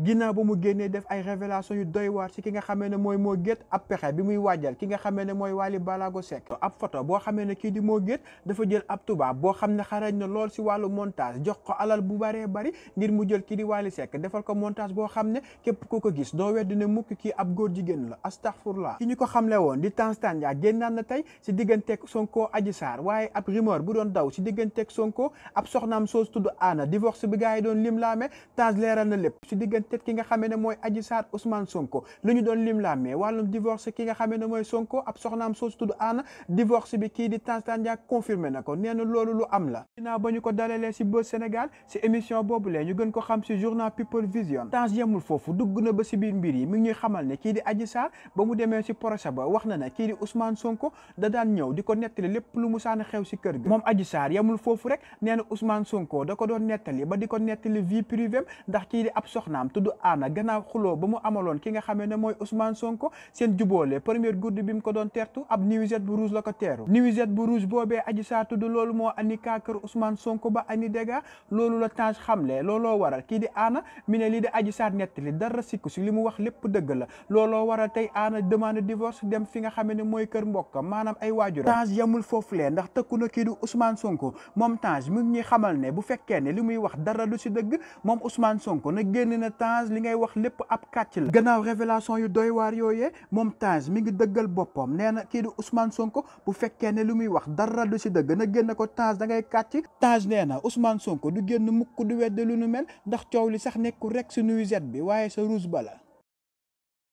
ginnaaw ba mu génnee def ay révélation yu doy waar si ki nga xamee ne mooy moo gétt ab pexe bi muy waajal ki nga xamee ne mooy Wally Ballago Seck ab photo boo xamee ne kii di moo gétt dafa jël ab tubaab boo xam ne xarañ na lool si wàllu montage jox ko alal bu baree bari ngir mu jël kii di Wally Seck defal ko montage boo xam ne képp ku ko gis doo weddi ne mukk kii ab góor jigéen la astaghfirullah ki ñu ko xamle woon di Tanstane Njaay génnaan na tey si digganteeg Sonko Adji Sarr waaye ab rumeur bu doon daw si digganteeg Sonko ab soxnaam soos tudd Anna divorce bi gars yi doon lim laame Tange leeral na lépp si diggante peut ki nga xamee ne mooy Adji Sarr Ousmane Sonko lu ñu doon lim laamee wàllum divorce ki nga xamee ne mooy Sonko ab soxnaam soosu tudd Anna divorce bi kii di Tange Tandian confirmé na ko nee na loolu lu am la ginnaaw ba ñu ko dalalee si Buzz Sénégal si émission boobu lee ñu gën ko xam si journal People Vision Tange yemul foofu dugg na ba si biir mbir yi mi ngi ñuy xamal ne kii di Adji Sarr ba mu demee si procès ba wax na ne kii di Sonko da daan ñëw di ko nettali lépp lu mu saan xew si kër gi moom Adji Sarr yemul foofu rek nee na Ousmane Sonko da ko doon nettali ba di ko nettali vie privée ndax kii di ab soxnaam tudd Anna gannaaw xuloo ba mu amaloon ki nga xamee ne mooy Ousmane Sonko seen jubóole première guddi bi mu ko doon tertu ab nuisette bu la ko teeru nuisette bu rouge boobee aji saa loolu moo ani kaa kër Ousmane Sonko ba ani dégga loolu la Tange xamle looloo waral kii di Anna mi ne lii di aji saa nettali dara sikku si li mu wax lépp dëgg la looloo waral tey Anna demande divorce dem fi nga xamee ne mooy kër mbokkam maanaam ay waajur Tange yamul foofu lee ndax tëkku na kii di Ousmane Sonko moom Tange mi ñuy xamal ne bu fekkee ne li muy wax dara du si dëgg moom Ousmane Sonko na génn Taj li ngay wax lépp ab kàcc la gannaaw révélation yu doy waar yooyee moom Taj mi ngi dëggal boppam nee na kii di Ousmane Sonko bu fekkee ne lu muy wax dara du si dëgg na génn ko Taj da ngay kàcc Taj nee na Ousmane Sonko du génn mukk du wedde lu nu mel ndax coow li sax nekku rek si nuisette bi waaye sa ruus bala